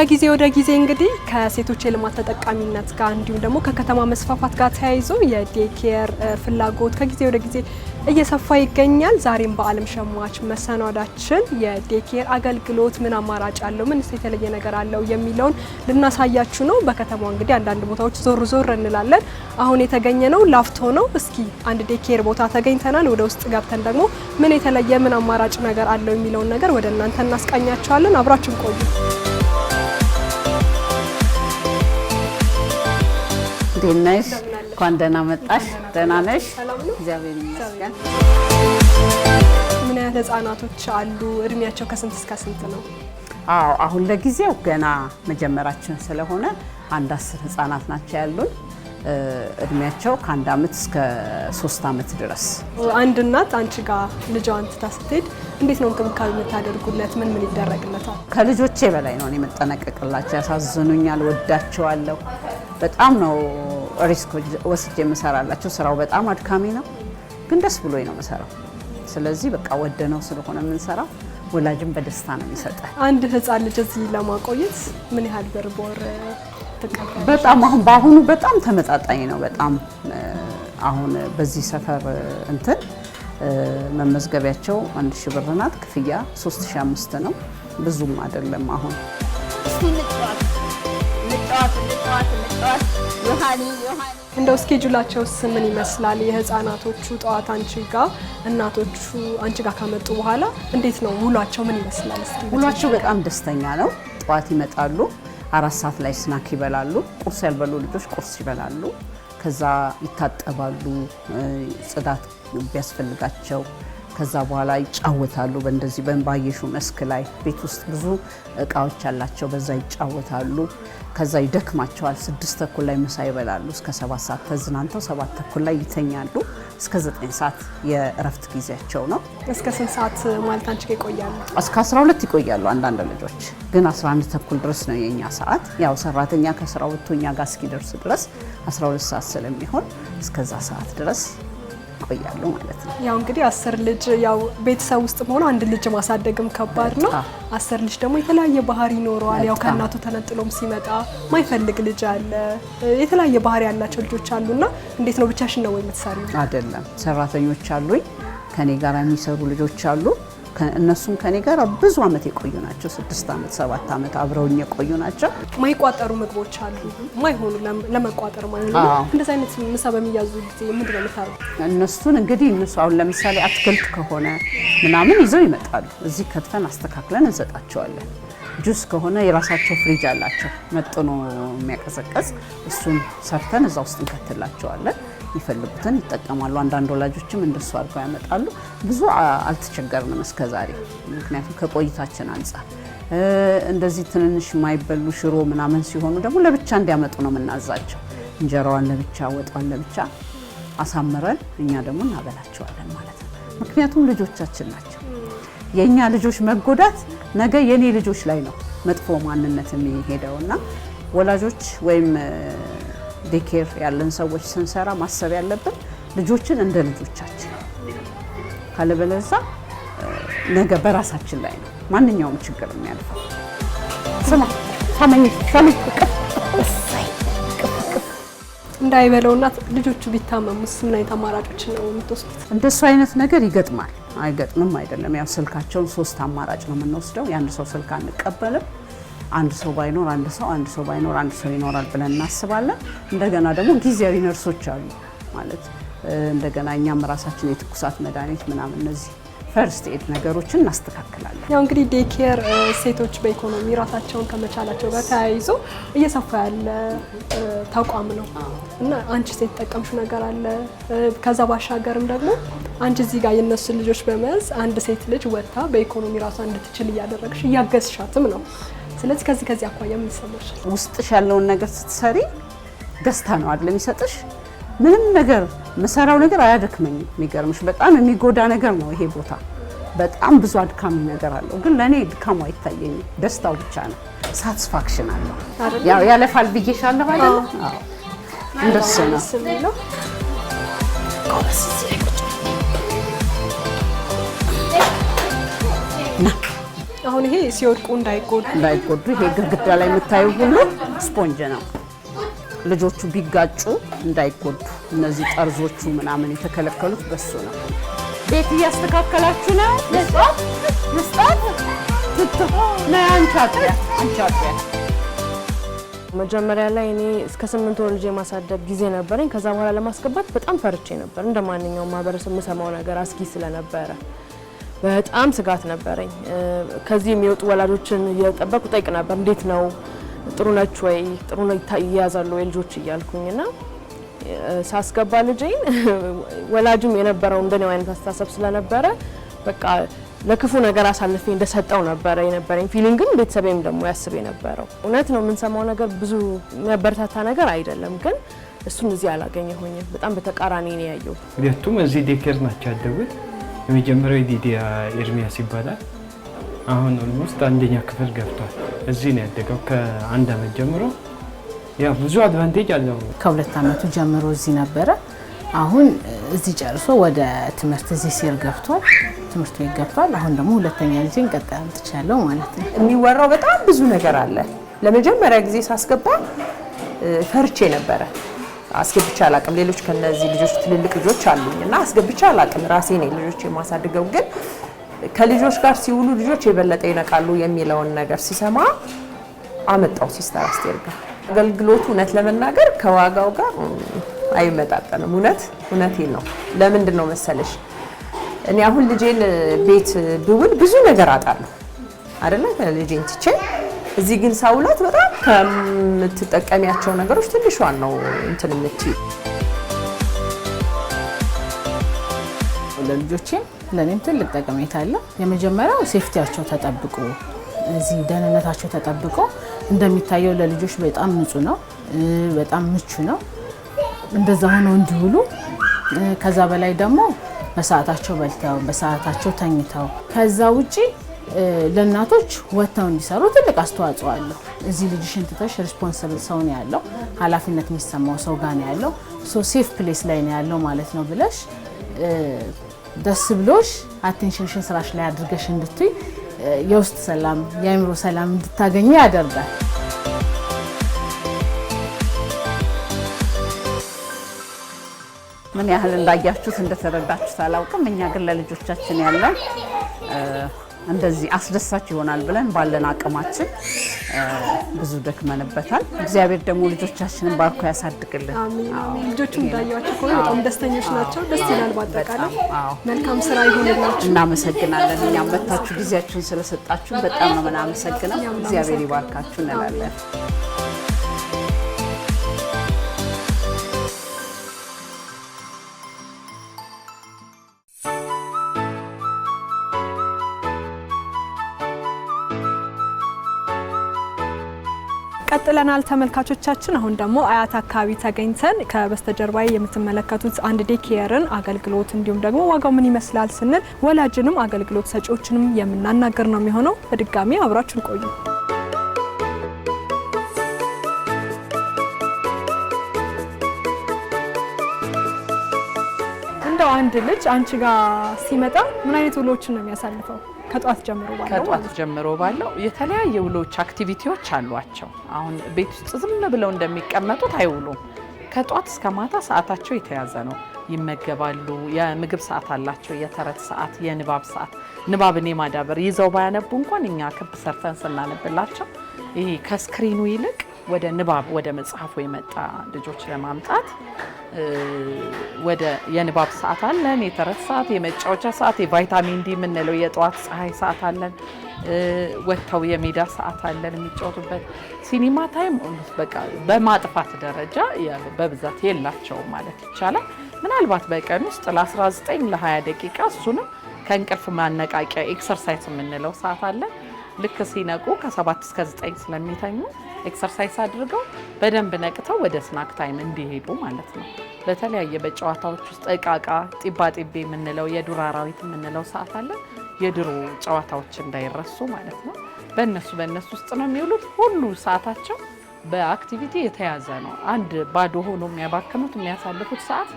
ከጊዜ ወደ ጊዜ እንግዲህ ከሴቶች የልማት ተጠቃሚነት ጋር እንዲሁም ደግሞ ከከተማ መስፋፋት ጋር ተያይዞ የዴኬር ፍላጎት ከጊዜ ወደ ጊዜ እየሰፋ ይገኛል። ዛሬም በዓለም ሸማች መሰናዳችን የዴኬር አገልግሎት ምን አማራጭ አለው፣ ምንስ የተለየ ነገር አለው የሚለውን ልናሳያችሁ ነው። በከተማው እንግዲህ አንዳንድ ቦታዎች ዞር ዞር እንላለን። አሁን የተገኘ ነው ላፍቶ ነው። እስኪ አንድ ዴኬር ቦታ ተገኝተናል። ወደ ውስጥ ገብተን ደግሞ ምን የተለየ ምን አማራጭ ነገር አለው የሚለውን ነገር ወደ እናንተ እናስቃኛቸዋለን። አብራችን ቆዩ። እንዴት ነሽ? እንኳን ደህና መጣሽ። ደህና ነሽ? እግዚአብሔር ይመስገን። ምን ያህል ህጻናቶች አሉ? እድሜያቸው ከስንት እስከ ስንት ነው? አዎ አሁን ለጊዜው ገና መጀመራችን ስለሆነ አንድ አስር ህጻናት ናቸው ያሉን እድሜያቸው ከአንድ አመት እስከ ሶስት አመት ድረስ። አንድ እናት አንቺ ጋር ልጇን ትታ ስትሄድ እንዴት ነው እንክብካቤ የምታደርጉለት? ምን ምን ይደረግለታል? ከልጆቼ በላይ ነው እኔ መጠነቀቅላቸው። ያሳዝኑኛል፣ ወዳቸዋለሁ በጣም ነው ሪስክ ወስጄ የምሰራላቸው። ስራው በጣም አድካሚ ነው፣ ግን ደስ ብሎኝ ነው የምሰራው። ስለዚህ በቃ ወደ ነው ስለሆነ የምንሰራው ወላጅም በደስታ ነው የሚሰጠ። አንድ ህፃን ልጅ እዚህ ለማቆየት ምን ያህል ብር በወር በጣም አሁን በአሁኑ በጣም ተመጣጣኝ ነው። በጣም አሁን በዚህ ሰፈር እንትን መመዝገቢያቸው አንድ ሺህ ብር ናት። ክፍያ ሶስት ሺህ አምስት ነው። ብዙም አይደለም አሁን እንደው እስኬጁላቸውስ ምን ይመስላል? የህፃናቶቹ ጠዋት አንቺ ጋር እናቶቹ አንቺ ጋር ከመጡ በኋላ እንዴት ነው ውሏቸው ምን ይመስላል? ውሏቸው በጣም ደስተኛ ነው። ጠዋት ይመጣሉ፣ አራት ሰዓት ላይ ስናክ ይበላሉ። ቁርስ ያልበሉ ልጆች ቁርስ ይበላሉ። ከዛ ይታጠባሉ፣ ጽዳት ቢያስፈልጋቸው ከዛ በኋላ ይጫወታሉ። በእንደዚህ ባየሹ መስክ ላይ ቤት ውስጥ ብዙ እቃዎች አላቸው። በዛ ይጫወታሉ። ከዛ ይደክማቸዋል። ስድስት ተኩል ላይ ምሳ ይበላሉ። እስከ ሰባት ሰዓት ተዝናንተው ሰባት ተኩል ላይ ይተኛሉ። እስከ ዘጠኝ ሰዓት የእረፍት ጊዜያቸው ነው። እስከ ስንት ሰዓት ማለት አንቺ ጋር ይቆያሉ? እስከ 12 ይቆያሉ። አንዳንድ ልጆች ግን 11 ተኩል ድረስ ነው የእኛ ሰዓት። ያው ሰራተኛ ከስራ ወጥቶ እኛ ጋር እስኪደርስ ድረስ 12 ሰዓት ስለሚሆን እስከዛ ሰዓት ድረስ ቆያለሁ ማለት ነው። ያው እንግዲህ አስር ልጅ ያው ቤተሰብ ውስጥ መሆኑ አንድ ልጅ ማሳደግም ከባድ ነው። አስር ልጅ ደግሞ የተለያየ ባህሪ ይኖረዋል። ያው ከእናቱ ተነጥሎም ሲመጣ ማይፈልግ ልጅ አለ። የተለያየ ባህሪ ያላቸው ልጆች አሉና እንዴት ነው ብቻሽን ነው ወይ የምትሰሪው? አይደለም፣ ሰራተኞች አሉኝ። ከኔ ጋር የሚሰሩ ልጆች አሉ እነሱም ከኔ ጋር ብዙ አመት የቆዩ ናቸው። ስድስት አመት ሰባት ዓመት አብረውኝ የቆዩ ናቸው። ማይቋጠሩ ምግቦች አሉ ማይሆኑ ለመቋጠር ማለት እንደዚህ አይነት ምሳ በሚያዙ ጊዜ ምንድን ነው እነሱን እንግዲህ እነሱ አሁን ለምሳሌ አትክልት ከሆነ ምናምን ይዘው ይመጣሉ። እዚህ ከትፈን አስተካክለን እንሰጣቸዋለን። ጁስ ከሆነ የራሳቸው ፍሪጅ አላቸው መጥኖ የሚያቀዘቀዝ እሱን ሰርተን እዛ ውስጥ እንከትላቸዋለን። ይፈልጉትን ይጠቀማሉ። አንዳንድ ወላጆችም እንደሱ አድርገው ያመጣሉ። ብዙ አልተቸገርንም ዛሬ ምክንያቱም ከቆይታችን አንጻር እንደዚህ ትንንሽ የማይበሉ ሽሮ ምናምን ሲሆኑ ደግሞ ለብቻ እንዲያመጡ ነው የምናዛቸው። እንጀራዋን ለብቻ፣ ወጧን ለብቻ አሳምረን እኛ ደግሞ እናበላቸዋለን ማለት ነው። ምክንያቱም ልጆቻችን ናቸው። የእኛ ልጆች መጎዳት ነገ የእኔ ልጆች ላይ ነው መጥፎ ማንነት የሚሄደው እና ወላጆች ወይም ዴኬር ያለን ሰዎች ስንሰራ ማሰብ ያለብን ልጆችን እንደ ልጆቻችን ካለበለዛ ነገ በራሳችን ላይ ነው ማንኛውም ችግር የሚያልፈው። ስማ እንዳይበለውና ልጆቹ ቢታመሙስ ምን አይነት አማራጮች ነው የምትወስዱት? እንደሱ አይነት ነገር ይገጥማል አይገጥምም አይደለም። ያው ስልካቸውን ሶስት አማራጭ ነው የምንወስደው። የአንድ ሰው ስልክ አንቀበልም። አንድ ሰው ባይኖር አንድ ሰው አንድ ሰው ባይኖር አንድ ሰው ይኖራል ብለን እናስባለን። እንደገና ደግሞ ጊዜያዊ ነርሶች አሉ ማለት እንደገና እኛም ራሳችን የትኩሳት መድኃኒት ምናምን እነዚህ ፈርስት ኤድ ነገሮችን እናስተካክላለን። ያው እንግዲህ ዴኬር ሴቶች በኢኮኖሚ ራሳቸውን ከመቻላቸው ጋር ተያይዞ እየሰፋ ያለ ተቋም ነው እና አንቺ ሴት ጠቀምሽ ነገር አለ። ከዛ ባሻገርም ደግሞ አንቺ እዚህ ጋር የነሱን ልጆች በመያዝ አንድ ሴት ልጅ ወጥታ በኢኮኖሚ ራሷ እንድትችል እያደረግሽ እያገዝሻትም ነው ስለዚህ ከዚህ ከዚህ አኳያ ምን ይሰማሻል? ውስጥሽ ያለውን ነገር ስትሰሪ ደስታ ነው አይደል የሚሰጥሽ? ምንም ነገር መሰራው ነገር አያደክመኝም። የሚገርምሽ በጣም የሚጎዳ ነገር ነው ይሄ ቦታ በጣም ብዙ አድካሚ ነገር አለው፣ ግን ለእኔ ድካሙ አይታየኝም። ደስታው ብቻ ነው፣ ሳትስፋክሽን አለው። ያው ያለፋል ብዬሻለሁ አይደል? እንደሱ ነው። አሁን ይሄ ሲወድቁ እንዳይጎዱ እንዳይጎዱ ይሄ ግድግዳ ላይ የምታየው ሁሉ ስፖንጅ ነው። ልጆቹ ቢጋጩ እንዳይጎዱ እነዚህ ጠርዞቹ ምናምን የተከለከሉት በሱ ነው። ቤት እያስተካከላችሁ ነው። መስጣት መስጣት መጀመሪያ ላይ እኔ እስከ ስምንት ወር ልጅ የማሳደግ ጊዜ ነበረኝ። ከዛ በኋላ ለማስገባት በጣም ፈርቼ ነበር። እንደ ማንኛውም ማህበረሰብ የምሰማው ነገር አስጊ ስለነበረ በጣም ስጋት ነበረኝ። ከዚህ የሚወጡ ወላጆችን እየጠበቁ ጠይቅ ነበር። እንዴት ነው ጥሩ ነች ወይ ጥሩ ይያዛሉ ወይ ልጆች እያልኩኝ ና ሳስገባ ልጄን ወላጅም የነበረው እንደኔው አይነት አስተሳሰብ ስለነበረ በቃ ለክፉ ነገር አሳልፌ እንደሰጠው ነበረ የነበረኝ ፊሊንግ። ግን ቤተሰቤም ደግሞ ያስብ የነበረው እውነት ነው። የምንሰማው ነገር ብዙ የሚያበረታታ ነገር አይደለም፣ ግን እሱን እዚህ አላገኘሁኝም። በጣም በተቃራኒ ነው ያየሁት። ሁለቱም እዚህ ዴኬር ናቸው ያደጉት የመጀመሪያው የዲዲያ ኤርሚያስ ይባላል። አሁን ኦልሞስት አንደኛ ክፍል ገብቷል። እዚህ ነው ያደገው ከአንድ አመት ጀምሮ። ያው ብዙ አድቫንቴጅ አለው። ከሁለት አመቱ ጀምሮ እዚህ ነበረ። አሁን እዚህ ጨርሶ ወደ ትምህርት እዚህ ሲል ገብቷል፣ ትምህርቱ ቤት አሁን ደግሞ ሁለተኛ ጊዜ እንቀጠል አምጥቻለሁ ማለት ነው። የሚወራው በጣም ብዙ ነገር አለ። ለመጀመሪያ ጊዜ ሳስገባ ፈርቼ ነበረ አስገብቼ አላቅም። ሌሎች ከነዚህ ልጆች ትልልቅ ልጆች አሉኝ እና አስገብቼ አላቅም። ራሴ ነኝ ልጆች የማሳድገው። ግን ከልጆች ጋር ሲውሉ ልጆች የበለጠ ይነቃሉ የሚለውን ነገር ሲሰማ አመጣው ሲስተር አስቴር ጋር። አገልግሎቱ እውነት ለመናገር ከዋጋው ጋር አይመጣጠንም። እውነት እውነቴን ነው። ለምንድን ነው መሰለሽ እኔ አሁን ልጄን ቤት ብውል ብዙ ነገር አጣለሁ አይደለ ልጄን ትቼ እዚህ ግን ሳውላት በጣም ከምትጠቀሚያቸው ነገሮች ትንሿን ነው እንትን የምትይው። ለልጆቼም ለእኔም ትልቅ ጠቀሜታ አለ። የመጀመሪያው ሴፍቲያቸው ተጠብቆ እዚህ ደህንነታቸው ተጠብቆ እንደሚታየው ለልጆች በጣም ንጹህ ነው፣ በጣም ምቹ ነው። እንደዛ ሆነው እንዲውሉ ከዛ በላይ ደግሞ በሰዓታቸው በልተው በሰዓታቸው ተኝተው ከዛ ውጪ ለእናቶች ወጥተው እንዲሰሩ ትልቅ አስተዋጽኦ አለው። እዚህ ልጅሽን ትተሽ ሪስፖንስብል ሰው ነው ያለው፣ ኃላፊነት የሚሰማው ሰው ጋር ነው ያለው፣ ሴፍ ፕሌስ ላይ ነው ያለው ማለት ነው ብለሽ ደስ ብሎሽ አቴንሽንሽን ስራሽ ላይ አድርገሽ እንድትይ የውስጥ ሰላም የአእምሮ ሰላም እንድታገኘ ያደርጋል። ምን ያህል እንዳያችሁት እንደተረዳችሁት አላውቅም። እኛ ግን ለልጆቻችን ያለን እንደዚህ አስደሳች ይሆናል ብለን ባለን አቅማችን ብዙ ደክመንበታል። እግዚአብሔር ደግሞ ልጆቻችንን ባርኮ ያሳድግልን። ልጆቹ እንዳያቸው ከሆነ በጣም ደስተኞች ናቸው። ደስ ይላል። በአጠቃላይ መልካም ስራ ይሆንላችሁ። እናመሰግናለን። እኛም መታችሁ ጊዜያችሁን ስለሰጣችሁ በጣም ነው ምናመሰግነው። እግዚአብሔር ይባርካችሁ እንላለን። ቀጥለናል ተመልካቾቻችን። አሁን ደግሞ አያት አካባቢ ተገኝተን ከበስተጀርባ የምትመለከቱት አንድ ዴኬየርን አገልግሎት እንዲሁም ደግሞ ዋጋው ምን ይመስላል ስንል ወላጅንም አገልግሎት ሰጪዎችንም የምናናገር ነው የሚሆነው። በድጋሚ አብራችን ቆዩ። ያው አንድ ልጅ አንቺ ጋር ሲመጣ ምን አይነት ውሎችን ነው የሚያሳልፈው? ከጧት ጀምሮ ባለው ከጧት ጀምሮ ባለው የተለያየ ውሎች፣ አክቲቪቲዎች አሏቸው። አሁን ቤት ውስጥ ዝም ብለው እንደሚቀመጡት አይውሉም። ከጧት እስከ ማታ ሰዓታቸው የተያዘ ነው። ይመገባሉ። የምግብ ሰዓት አላቸው፣ የተረት ሰዓት፣ የንባብ ሰዓት። ንባብን የማዳበር ይዘው ባያነቡ እንኳን እኛ ክብ ሰርተን ስናነብላቸው ይሄ ከስክሪኑ ይልቅ ወደ ንባብ ወደ መጽሐፉ የመጣ ልጆች ለማምጣት ወደ የንባብ ሰዓት አለን፣ የተረት ሰዓት፣ የመጫወቻ ሰዓት፣ የቫይታሚን ዲ የምንለው የጠዋት ፀሐይ ሰዓት አለን። ወጥተው የሜዳ ሰዓት አለን የሚጫወቱበት። ሲኒማ ታይም በቃ በማጥፋት ደረጃ በብዛት የላቸውም ማለት ይቻላል። ምናልባት በቀን ውስጥ ለ19 ለ20 ደቂቃ እሱንም ከእንቅልፍ ማነቃቂያ ኤክሰርሳይዝ የምንለው ሰዓት አለን። ልክ ሲነቁ ከ7 እስከ 9 ስለሚተኙ ኤክሰርሳይስ አድርገው በደንብ ነቅተው ወደ ስናክ ታይም እንዲሄዱ ማለት ነው። በተለያየ በጨዋታዎች ውስጥ እቃቃ ጢቤ የምንለው የዱር አራዊት የምንለው ሰዓት አለ። የድሮ ጨዋታዎች እንዳይረሱ ማለት ነው። በእነሱ በእነሱ ውስጥ ነው የሚውሉት። ሁሉ ሰዓታቸው በአክቲቪቲ የተያዘ ነው። አንድ ባዶ ሆኖ የሚያባክኑት የሚያሳልፉት ሰዓት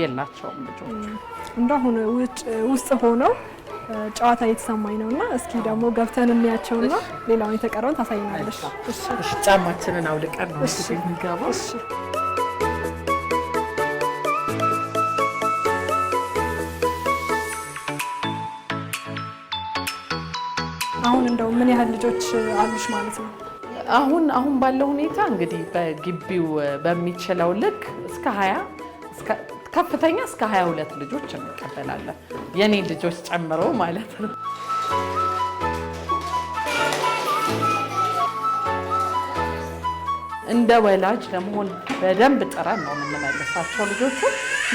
የላቸውም ልጆች እንደሁን ውጭ ውስጥ ሆነው ጨዋታ እየተሰማኝ ነው እና እስኪ ደግሞ ገብተን የሚያቸው እና ሌላውን የተቀረውን ታሳይናለሽ። ጫማችንን አውልቀን ነው የሚገባው። አሁን እንደው ምን ያህል ልጆች አሉሽ ማለት ነው? አሁን አሁን ባለው ሁኔታ እንግዲህ በግቢው በሚችለው ልክ እስከ ሀያ ከፍተኛ እስከ 22 ልጆች እንቀበላለን። የኔ ልጆች ጨምሮ ማለት ነው። እንደ ወላጅ ለመሆን በደንብ ጥረን ነው የምንመልሳቸው ልጆቹ።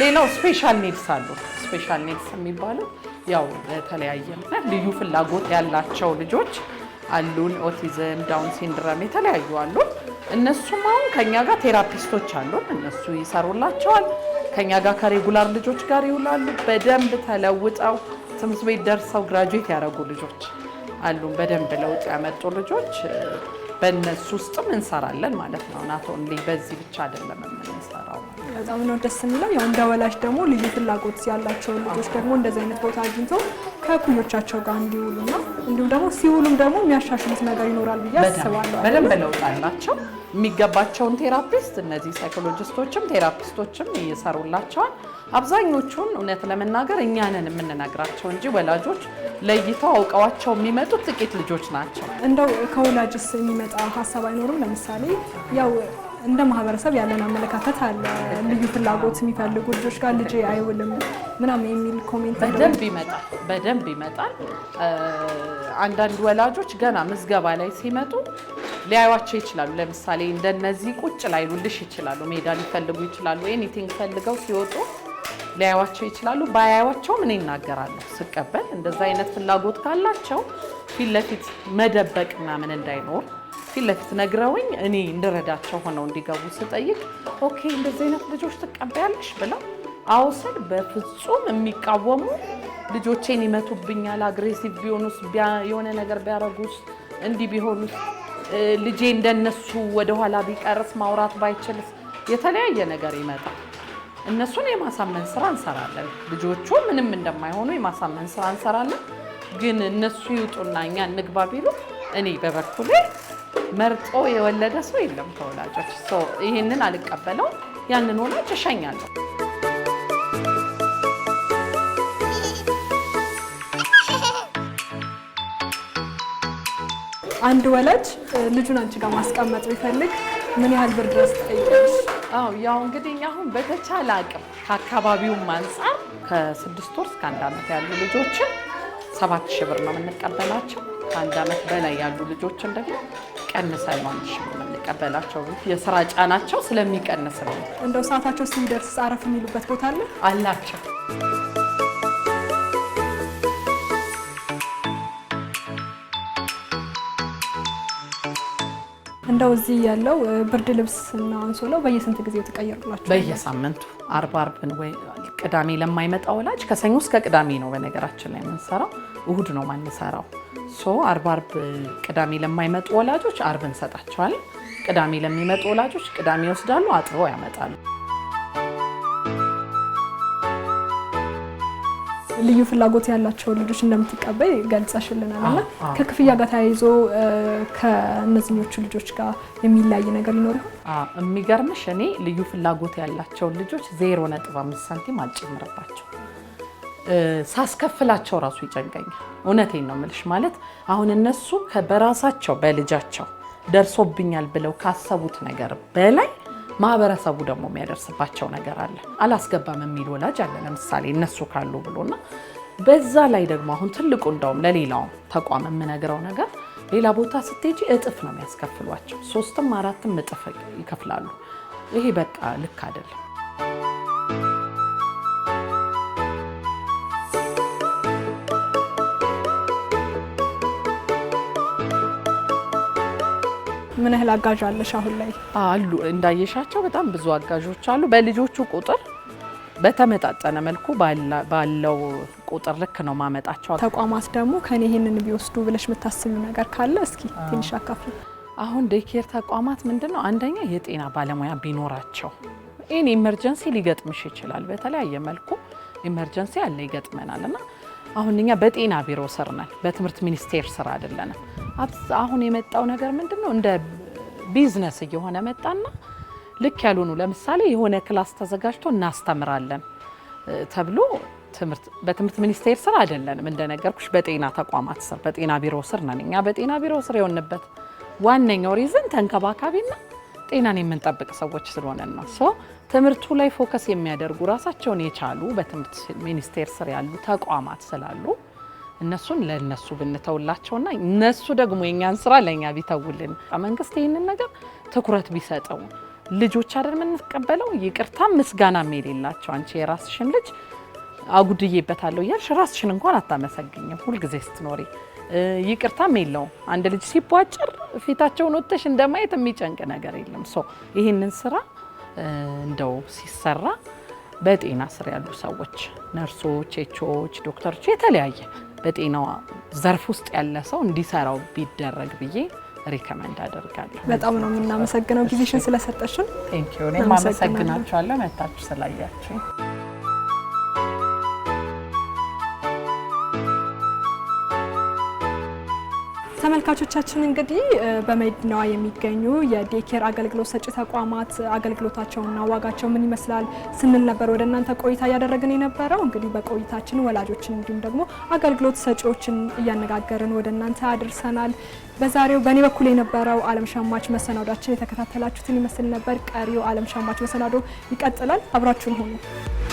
ሌላው ስፔሻል ኒድስ አሉ። ስፔሻል ኒድስ የሚባለው ያው የተለያየ ምክንያት ልዩ ፍላጎት ያላቸው ልጆች አሉን። ኦቲዝም፣ ዳውን ሲንድረም የተለያዩ አሉ። እነሱም አሁን ከኛ ጋር ቴራፒስቶች አሉን። እነሱ ይሰሩላቸዋል። ከኛ ጋር ከሬጉላር ልጆች ጋር ይውላሉ። በደንብ ተለውጠው ትምህርት ቤት ደርሰው ግራጁዌት ያደረጉ ልጆች አሉ። በደንብ ለውጥ ያመጡ ልጆች በእነሱ ውስጥም እንሰራለን ማለት ነው። ናት በዚህ ብቻ አይደለም የምንሰራው። በጣም ነው ደስ የሚለው። ያው እንደ ወላጅ ደግሞ ልዩ ፍላጎት ያላቸውን ልጆች ደግሞ እንደዚህ አይነት ቦታ አግኝቶ ከኩዮቻቸው ጋር እንዲውሉና እንዲሁም ደግሞ ሲውሉም ደግሞ የሚያሻሽሉት ነገር ይኖራል ብዬ አስባለሁ። በደንብ ለውጥ አላቸው። የሚገባቸውን ቴራፒስት እነዚህ ሳይኮሎጂስቶችም ቴራፒስቶችም ይሰሩላቸዋል። አብዛኞቹን እውነት ለመናገር እኛንን የምንነግራቸው እንጂ ወላጆች ለይተው አውቀዋቸው የሚመጡት ጥቂት ልጆች ናቸው። እንደው ከወላጅስ የሚመጣ ሀሳብ አይኖርም? ለምሳሌ ያው እንደ ማህበረሰብ ያለን አመለካከት አለ። ልዩ ፍላጎት የሚፈልጉ ልጆች ጋር ልጅ አይውልም ምናምን የሚል ኮሜንት በደንብ ይመጣል፣ በደንብ ይመጣል። አንዳንድ ወላጆች ገና ምዝገባ ላይ ሲመጡ ሊያዩቸው ይችላሉ። ለምሳሌ እንደነዚህ ቁጭ ላይሉልሽ ይችላሉ፣ ሜዳ ሊፈልጉ ይችላሉ፣ ኤኒቲንግ ፈልገው ሲወጡ ሊያዩቸው ይችላሉ። ባያዩቸው ምን ይናገራሉ? ስቀበል እንደዛ አይነት ፍላጎት ካላቸው ፊት ለፊት መደበቅ ምናምን እንዳይኖር ፊት ለፊት ነግረውኝ እኔ እንድረዳቸው ሆነው እንዲገቡ ስጠይቅ ኦኬ እንደዚህ አይነት ልጆች ትቀበያለሽ ብለው አውሰድ በፍጹም የሚቃወሙ ልጆቼን ይመቱብኛል፣ አግሬሲቭ ቢሆኑስ፣ የሆነ ነገር ቢያረጉስ፣ እንዲህ ቢሆኑስ፣ ልጄ እንደነሱ ወደኋላ ቢቀርስ፣ ማውራት ባይችልስ፣ የተለያየ ነገር ይመጣል። እነሱን የማሳመን ስራ እንሰራለን። ልጆቹ ምንም እንደማይሆኑ የማሳመን ስራ እንሰራለን። ግን እነሱ ይውጡና እኛ እንግባ ቢሉ እኔ በበኩሌ መርጦ የወለደ ሰው የለም ከወላጆች። ይህንን አልቀበለው፣ ያንን ወላጅ እሸኛለሁ። አንድ ወላጅ ልጁን አንቺ ጋር ማስቀመጥ ቢፈልግ ምን ያህል ብር ድረስ ትጠይቃለሽ? ያው እንግዲህ አሁን በተቻለ አቅም ከአካባቢውም አንጻር ከስድስት ወር እስከ አንድ ዓመት ያሉ ልጆችን ሰባት ሺህ ብር ነው የምንቀበላቸው። ከአንድ ዓመት በላይ ያሉ ልጆችን ደግሞ ቀንሰን ነው የምንቀበላቸው። የስራ ጫናቸው ስለሚቀንስ ነው። እንደው ሰዓታቸው ሲደርስ አረፍ የሚሉበት ቦታ አለ አላቸው። እንደው እዚህ ያለው ብርድ ልብስ እና አንሶላው በየስንት ጊዜው ተቀየሩላችሁ? በየሳምንቱ አርባ አርብን ወይ ቅዳሜ ለማይመጣ ወላጅ ከሰኞ እስከ ቅዳሜ ነው በነገራችን ላይ የምንሰራው፣ እሁድ ነው ማንሰራው። ሶ አርብ አርብ ቅዳሜ ለማይመጡ ወላጆች አርብ እንሰጣቸዋለን። ቅዳሜ ለሚመጡ ወላጆች ቅዳሜ ይወስዳሉ፣ አጥበው ያመጣሉ። ልዩ ፍላጎት ያላቸውን ልጆች እንደምትቀበይ ገልጸሽልናል እና ከክፍያ ጋር ተያይዞ ከእነዚኞቹ ልጆች ጋር የሚለያይ ነገር ይኖር የሚገርምሽ እኔ ልዩ ፍላጎት ያላቸውን ልጆች ዜሮ ነጥብ አምስት ሳንቲም አልጨምርባቸው ሳስከፍላቸው ራሱ ይጨንቀኛል። እውነቴን ነው የምልሽ። ማለት አሁን እነሱ በራሳቸው በልጃቸው ደርሶብኛል ብለው ካሰቡት ነገር በላይ ማህበረሰቡ ደግሞ የሚያደርስባቸው ነገር አለ። አላስገባም የሚል ወላጅ አለ ለምሳሌ እነሱ ካሉ ብሎና በዛ ላይ ደግሞ አሁን ትልቁ እንደውም ለሌላው ተቋም የምነግረው ነገር ሌላ ቦታ ስትሄጂ እጥፍ ነው የሚያስከፍሏቸው። ሶስትም አራትም እጥፍ ይከፍላሉ። ይሄ በቃ ልክ አይደለም። ምን ያህል አጋዥ አለሽ አሁን ላይ? አሉ እንዳየሻቸው በጣም ብዙ አጋዦች አሉ። በልጆቹ ቁጥር በተመጣጠነ መልኩ ባለው ቁጥር ልክ ነው ማመጣቸው። ተቋማት ደግሞ ከኔ ይህንን ቢወስዱ ብለሽ የምታስብ ነገር ካለ እስኪ ትንሽ አካፍ። አሁን ዴኬር ተቋማት ምንድን ነው አንደኛ የጤና ባለሙያ ቢኖራቸው ይህን ኢመርጀንሲ ሊገጥምሽ ይችላል። በተለያየ መልኩ ኢመርጀንሲ አለ ይገጥመናል እና አሁን እኛ በጤና ቢሮ ስር ነን፣ በትምህርት ሚኒስቴር ስር አይደለንም። አሁን የመጣው ነገር ምንድን ነው? እንደ ቢዝነስ እየሆነ መጣና ልክ ያልሆኑ ለምሳሌ የሆነ ክላስ ተዘጋጅቶ እናስተምራለን ተብሎ በትምህርት ሚኒስቴር ስር አይደለንም። እንደነገርኩሽ በጤና ተቋማት ስር በጤና ቢሮ ስር ነን። እኛ በጤና ቢሮ ስር የሆንበት ዋነኛው ሪዝን ተንከባካቢና ጤናን የምንጠብቅ ሰዎች ስለሆነን ነው። ትምህርቱ ላይ ፎከስ የሚያደርጉ ራሳቸውን የቻሉ በትምህርት ሚኒስቴር ስር ያሉ ተቋማት ስላሉ እነሱን ለነሱ ብንተውላቸውና እነሱ ደግሞ የኛን ስራ ለእኛ ቢተውልን መንግስት ይህንን ነገር ትኩረት ቢሰጠው ልጆች አይደል የምንቀበለው ይቅርታ ምስጋናም የሌላቸው አንቺ የራስሽን ልጅ አጉድዬበታለሁ እያልሽ ራስሽን እንኳን አታመሰግኝም ሁልጊዜ ስትኖሪ ይቅርታም የለውም አንድ ልጅ ሲቧጭር ፊታቸውን ወጥተሽ እንደማየት የሚጨንቅ ነገር የለም ይህንን ስራ እንደው ሲሰራ በጤና ስር ያሉ ሰዎች ነርሶች፣ ቼቾች፣ ዶክተሮች የተለያየ በጤና ዘርፍ ውስጥ ያለ ሰው እንዲሰራው ቢደረግ ብዬ ሪከመንድ አደርጋለሁ። በጣም ነው የምናመሰግነው ጊዜሽን ስለሰጠሽን። ቴንኪው። እኔም አመሰግናችኋለሁ መታችሁ ስላያችሁ። ተመልካቾቻችን እንግዲህ በመዲናዋ የሚገኙ የዴኬር አገልግሎት ሰጪ ተቋማት አገልግሎታቸውና ዋጋቸው ምን ይመስላል ስንል ነበር ወደ እናንተ ቆይታ እያደረግን የነበረው። እንግዲህ በቆይታችን ወላጆችን እንዲሁም ደግሞ አገልግሎት ሰጪዎችን እያነጋገርን ወደ እናንተ አድርሰናል። በዛሬው በእኔ በኩል የነበረው ዓለም ሸማች መሰናዷችን የተከታተላችሁትን ይመስል ነበር። ቀሪው ዓለም ሸማች መሰናዶ ይቀጥላል። አብራችሁን ሆኑ።